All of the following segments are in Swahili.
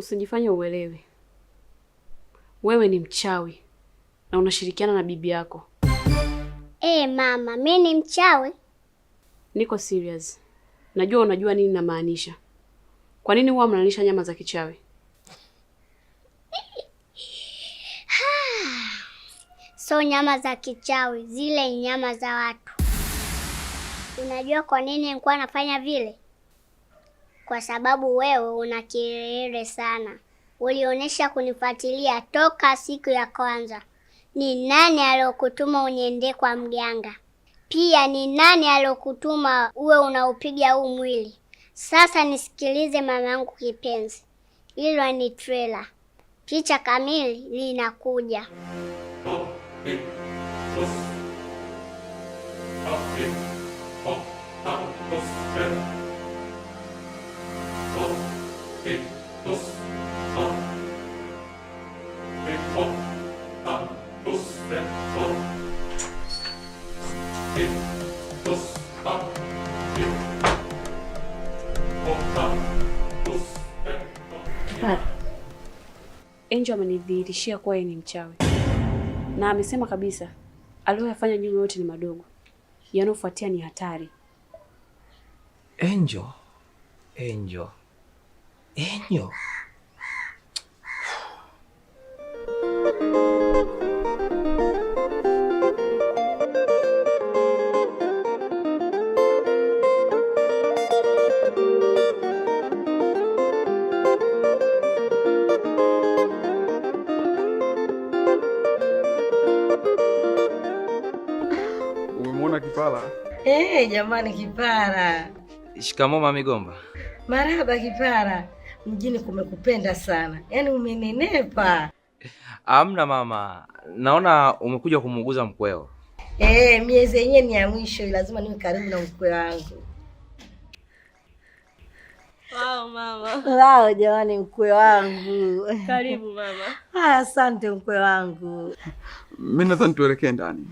usijifanye uelewe. Wewe ni mchawi na unashirikiana na bibi yako. Hey eh, mama, mi ni mchawi? Niko serious. Najua unajua nini namaanisha. Kwa nini huwa mnalisha nyama za kichawi? So nyama za kichawi, zile nyama za watu. Unajua kwa nini nilikuwa nafanya vile? kwa sababu wewe una kelele sana. Ulionyesha kunifuatilia toka siku ya kwanza. Ni nani aliyokutuma uniendee kwa mganga? Pia ni nani aliyokutuma uwe unaupiga huu mwili? Sasa nisikilize mamangu kipenzi, hilo ni trailer. Picha kamili linakuja. Enjo amenidhihirishia kuwa yeye ni mchawi na amesema kabisa aliyoyafanya nyuma yote ni madogo, yanayofuatia ni hatari. enjo enjo enyo Umemwona Kipara? hey, eh, jamani Kipara. Shikamoo migomba maraba Kipara mjini kumekupenda sana, yaani umenenepa. Amna mama, naona umekuja kumuuguza mkweo. E, miezi yenyewe ni ya mwisho, lazima niwe karibu na mkwe wangu. Wow, mama. Wow, jamani mkwe wangu. Karibu mama. Ah, asante mkwe wangu. Mimi nadhani tuelekee ndani.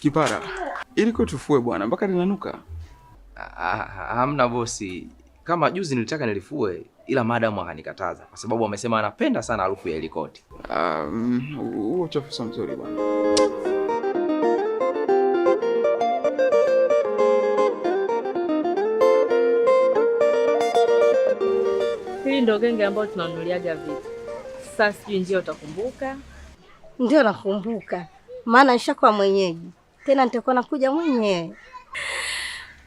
Kipara. Ili tufue bwana mpaka linanuka. Hamna bosi kama juzi nilitaka nilifue, ila madamu akanikataza kwa sababu amesema anapenda sana harufu ya ilikoti. Um, huo uchafu sio mzuri bwana. Hili ndio genge ambayo tunanunuliaga vitu. Sasa sijui njia utakumbuka. Ndio nakumbuka, maana nishakuwa mwenyeji, tena nitakuwa nakuja mwenyewe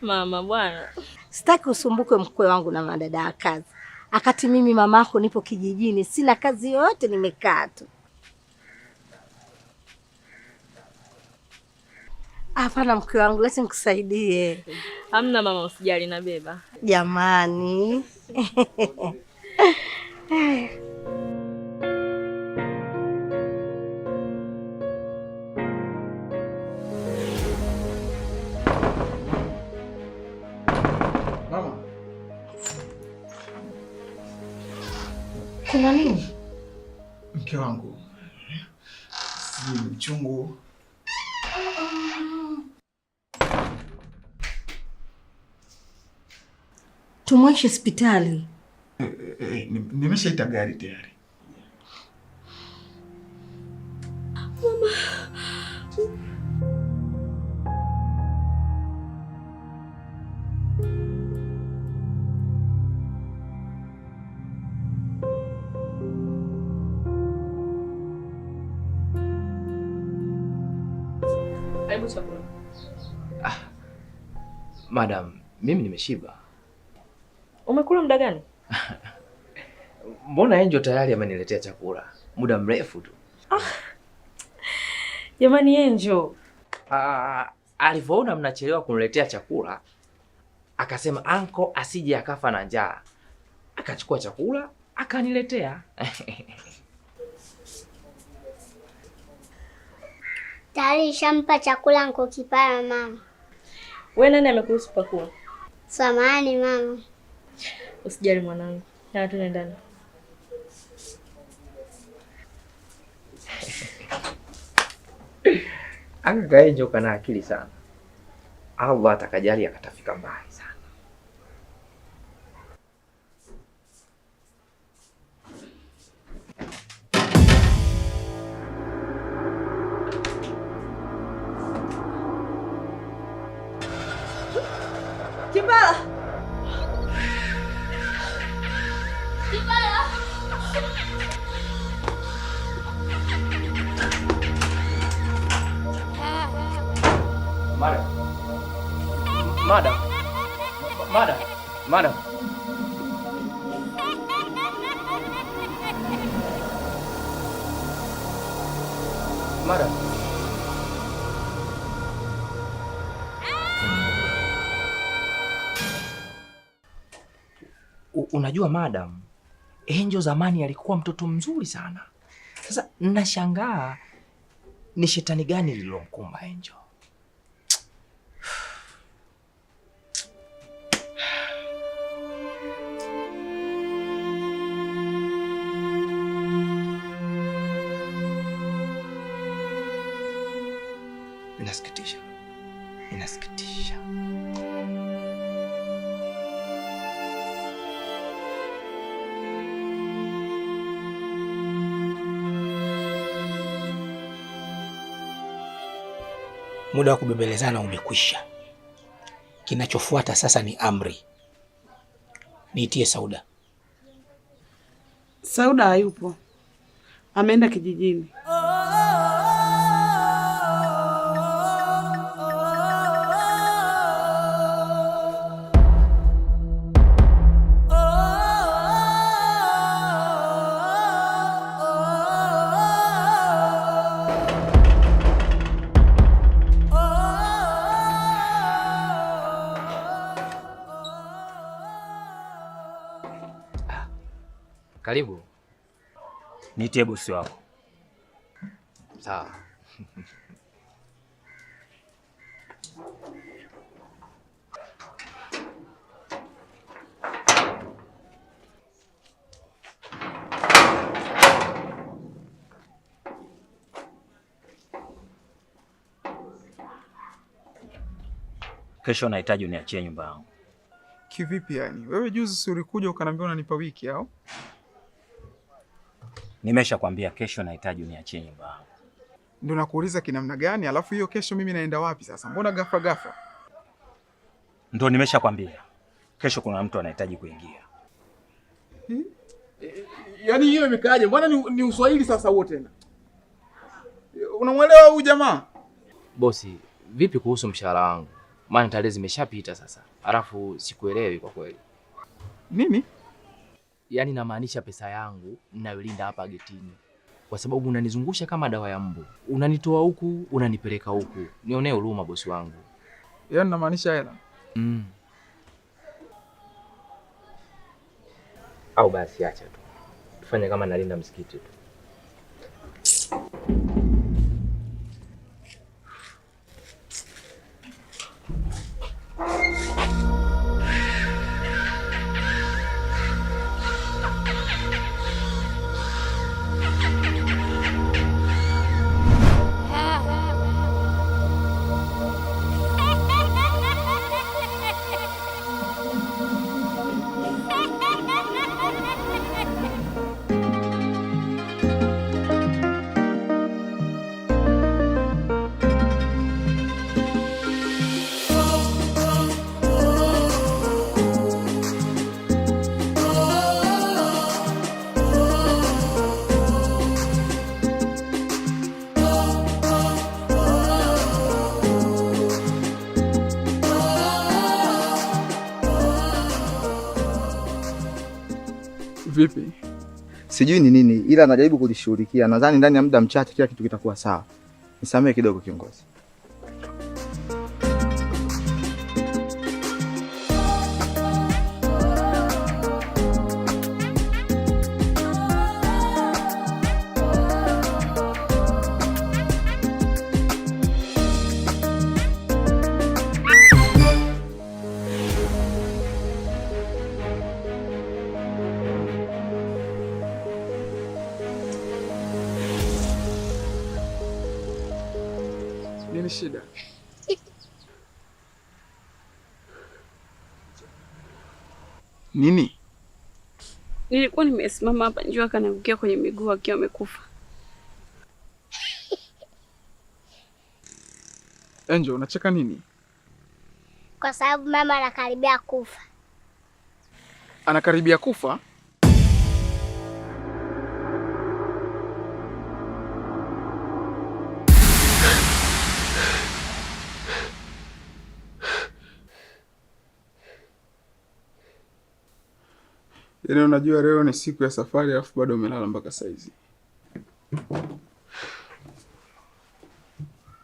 mama bwana Sitaki usumbuke mkwe wangu na madada wa kazi, akati mimi mamako nipo kijijini, sina kazi yoyote, nimekaa tu. Hapana mkwe wangu, leti nikusaidie. Hamna mama, usijali na beba. Jamani. Kuna nini? Mke wangu si mchungu. Tumwishe hospitali. Eh, eh, eh, nimeshaita gari tayari. Madam, mimi nimeshiba. Umekula muda gani? Mbona Angel tayari ameniletea chakula muda mrefu tu. Ah. Jamani ah. Angel ah, alivyoona mnachelewa kuniletea chakula akasema anko asije akafa na njaa, akachukua chakula akaniletea. Tayari shampa chakula anko Kipara mama. Wewe nani amekuhusu pakua? Samani mama. Usijali mwanangu. Na tuende ndani. Anga kaenje, na akili sana. Allah atakajali akatafika mbali. Madam. Madam. Madam. Madam. Madam. Unajua madam, Angel zamani alikuwa mtoto mzuri sana. Sasa nashangaa ni shetani gani lililomkumba Angel? Inasikitisha, inasikitisha. Muda wa kubembelezana umekwisha. Kinachofuata sasa ni amri. Niitie Sauda. Sauda hayupo, ameenda kijijini. Nitie bosi wako. Sawa. Kesho nahitaji uniachie nyumba yangu. Kivipi yani? Wewe juzi si ulikuja ukaniambia unanipa wiki au? Nimeshakwambia kesho nahitaji uniachie nyumba yangu. Ndio nakuuliza kinamna gani? Alafu hiyo kesho mimi naenda wapi sasa? Mbona ghafla ghafla? Ndio nimeshakwambia kesho kuna mtu anahitaji kuingia. Hmm? E, yaani hiyo imekaaje? Mbona ni, ni uswahili sasa huo tena? Unamwelewa huyu jamaa? Bosi, vipi kuhusu mshahara wangu? Maana tarehe zimeshapita sasa. Alafu sikuelewi kwa kweli. Nini? yani namaanisha pesa yangu ninayolinda hapa getini, kwa sababu unanizungusha kama dawa ya mbu, unanitoa huku unanipeleka huku. Nionee huruma bosi wangu. Yaani namaanisha hela mm. Au basi acha tu tufanye kama nalinda msikiti tu. vipi? Sijui ni nini, ila najaribu kulishughulikia. Nadhani ndani ya muda mchache kila kitu kitakuwa sawa. Nisamehe kidogo kiongozi. nini? Nilikuwa nimesimama hapa, njua akaniangukia kwenye miguu akiwa amekufa. enjo unacheka nini? Kwa sababu mama anakaribia kufa. Anakaribia kufa? Yaani unajua leo ni siku ya safari alafu bado umelala mpaka saa hizi.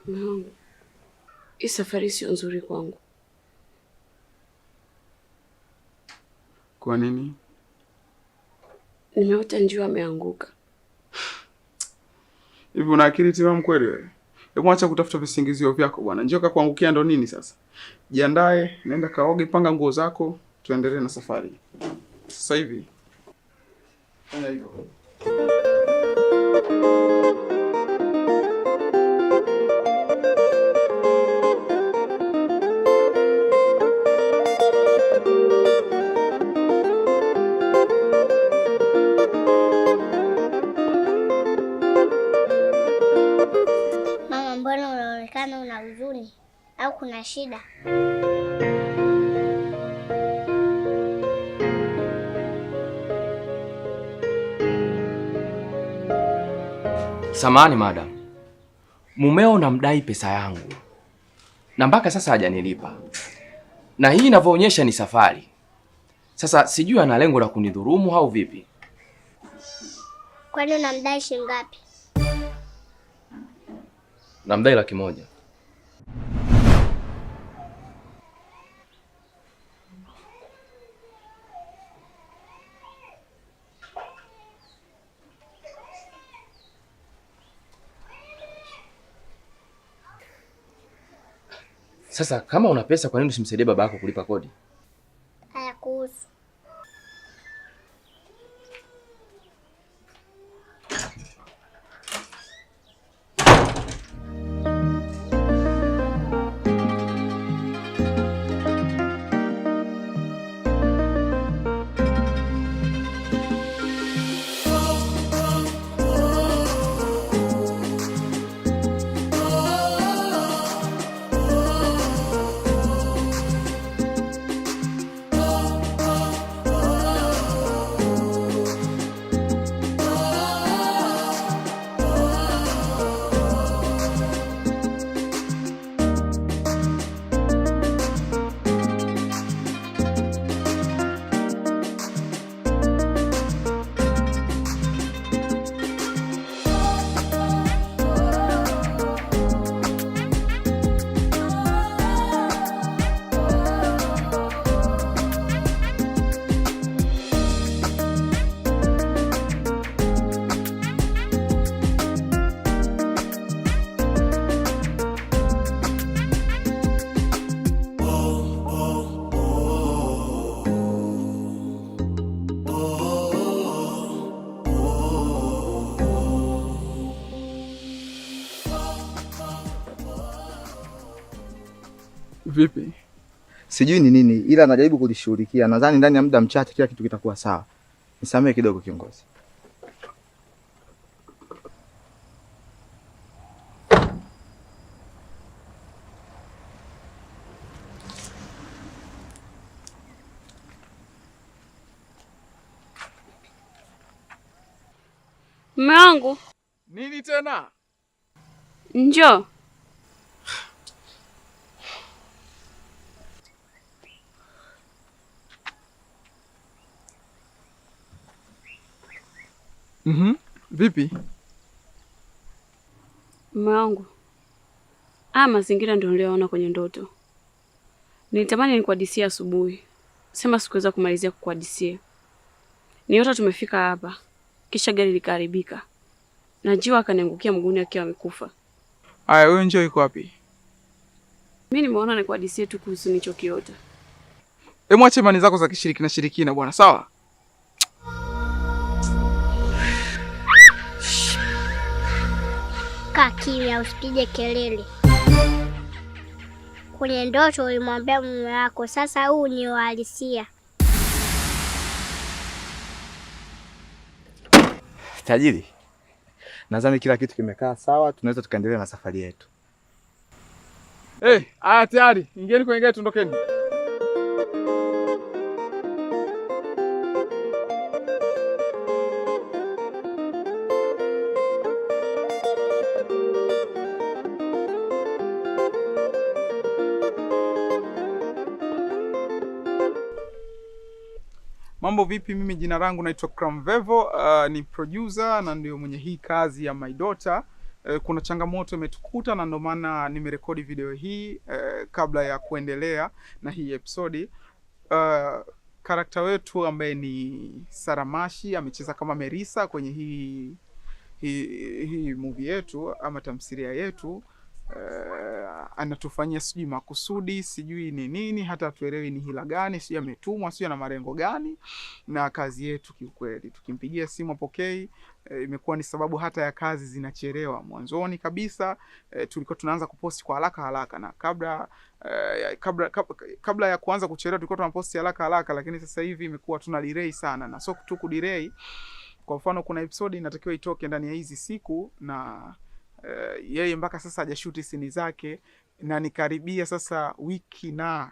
Mwanangu, hii safari sio nzuri kwangu. Kwa nini? Nimeota njua ameanguka. Hivi una akili timamu kweli wewe? Hebu acha kutafuta visingizio vyako bwana. Njio kakuangukia ndo nini sasa? Jiandae, nenda kaoge, panga nguo zako, tuendelee na safari sasa hivi. Mama, mbona unaonekana una huzuni au kuna shida? Samahani madam, mumeo namdai pesa yangu na mpaka sasa hajanilipa, na hii inavyoonyesha ni safari. Sasa sijui ana lengo la kunidhurumu au vipi? Kwani unamdai shilingi ngapi? Namdai laki moja. Sasa kama una pesa, kwa nini usimsaidie baba yako kulipa kodi? Vipi? Sijui ni nini ila najaribu kulishughulikia. Nadhani ndani ya muda mchache kila kitu kitakuwa sawa. Nisamehe kidogo kiongozi. Mume wangu. Nini tena? Njoo. Mhm. Vipi? Mume wangu, haya mazingira ndio niliyoona kwenye ndoto. Nilitamani nikuhadisie asubuhi, sema sikuweza kumalizia kukuhadisie. Niota tumefika hapa, kisha gari likaharibika na jiwa akaniangukia mguuni akiwa amekufa. Aya, huyo njia iko wapi? Mi nimeona nikuhadisie tu kuhusu nichokiota. Emwache imani zako za kishirikina shirikina bwana, sawa? kaa kimya, usipige kelele. Kwenye ndoto ulimwambia mume wako, sasa huu ni uhalisia. Tajiri, nadhani kila kitu kimekaa sawa, tunaweza tukaendelea na safari yetu. Hey, eh, aya, tayari ingieni kwenye gari, tundokeni. Mambo vipi? Mimi jina langu naitwa Cramvevo. Uh, ni producer na ndio mwenye hii kazi ya My Daughter. Uh, kuna changamoto imetukuta na ndio maana nimerekodi video hii uh, kabla ya kuendelea na hii episodi. Uh, karakta wetu ambaye ni Saramashi amecheza kama Merisa kwenye hii hii, hii movie yetu ama tamthilia yetu uh, anatufanyia sijui makusudi sijui ni nini, hata hatuelewi ni hila gani, sijui ametumwa, sijui ana malengo gani na kazi yetu. Kiukweli tukimpigia simu apokei, uh, imekuwa ni sababu hata ya kazi zinachelewa. Mwanzoni kabisa uh, tulikuwa tunaanza kuposti kwa haraka haraka na kabla kabla, kabla, kabla ya kuanza kuchelewa tulikuwa tunaposti haraka haraka, lakini sasa hivi imekuwa tuna delay sana, na sio tu kudelay. Kwa mfano, kuna episode inatakiwa itoke ndani ya hizi siku na uh, yeye mpaka sasa hajashuti sini zake na nikaribia sasa wiki na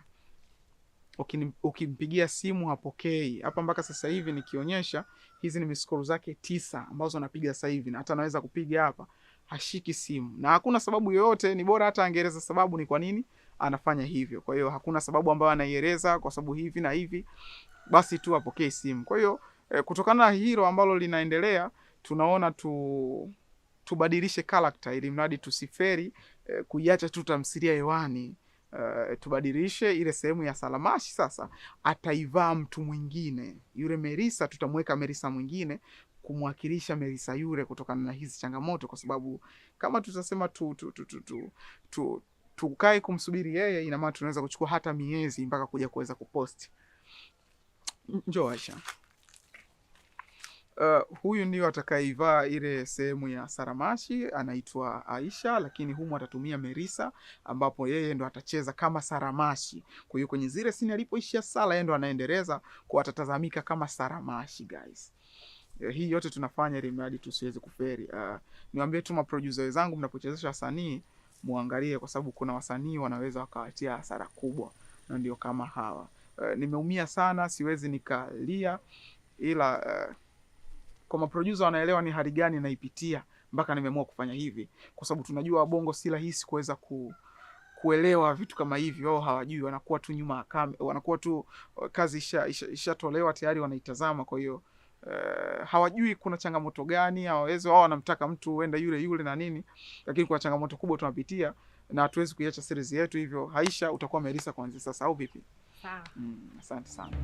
ukimpigia simu hapokei. Hapa mpaka sasa hivi nikionyesha, hizi ni miskolu zake tisa ambazo anapiga sasa hivi, na hata anaweza kupiga hapa hashiki simu, na hakuna sababu yoyote. Ni bora hata angeeleza sababu ni kwa nini anafanya hivyo. Kwa hiyo hakuna sababu ambayo anaieleza kwa sababu hivi na hivi, basi tu hapokei simu. Kwa hiyo eh, kutokana na hilo ambalo linaendelea tunaona tu tubadilishe karakta ili mradi tusiferi eh, kuiacha tu tamthilia hewani. Uh, tubadilishe ile sehemu ya Salamashi sasa ataivaa mtu mwingine. Yule Merisa tutamweka Merisa mwingine kumwakilisha Merisa yule, kutokana na hizi changamoto, kwa sababu kama tutasema tu tu tu, tu, tu, tu tukae kumsubiri yeye, ina maana tunaweza kuchukua hata miezi mpaka kuja kuweza kuposti. Njoo Asha. Uh, huyu ndio atakayeivaa ile sehemu ya Saramashi, anaitwa Aisha, lakini humu atatumia Merisa, ambapo yeye ndo atacheza kama Saramashi. Kwa hiyo kwenye zile sini alipoishia Sala, yeye ndo anaendeleza kwa, atatazamika kama Saramashi guys. Uh, hii yote tunafanya ili mradi tusiweze kuferi. Uh, ah, niwaambie tu maproducer wenzangu, mnapochezesha wasanii muangalie, kwa sababu kuna wasanii wanaweza wakawatia hasara kubwa, na ndio kama hawa. Uh, nimeumia sana, siwezi nikalia ila uh, kwa maproducer wanaelewa ni hali gani naipitia mpaka nimeamua kufanya hivi, kwa sababu tunajua wabongo si rahisi kuweza ku kuelewa vitu kama hivi. Wao hawajui, wanakuwa tu nyuma ya kamera, wanakuwa tu uh, kazi ishatolewa, isha, isha tayari wanaitazama. Kwa hiyo uh, hawajui kuna changamoto gani, hawawezi wao, wanamtaka mtu uenda yule yule na nini, lakini kuna changamoto kubwa tunapitia na hatuwezi kuiacha series yetu hivyo. Haisha, utakuwa Melisa kuanzia sasa au vipi? Sawa. Mm, asante sana.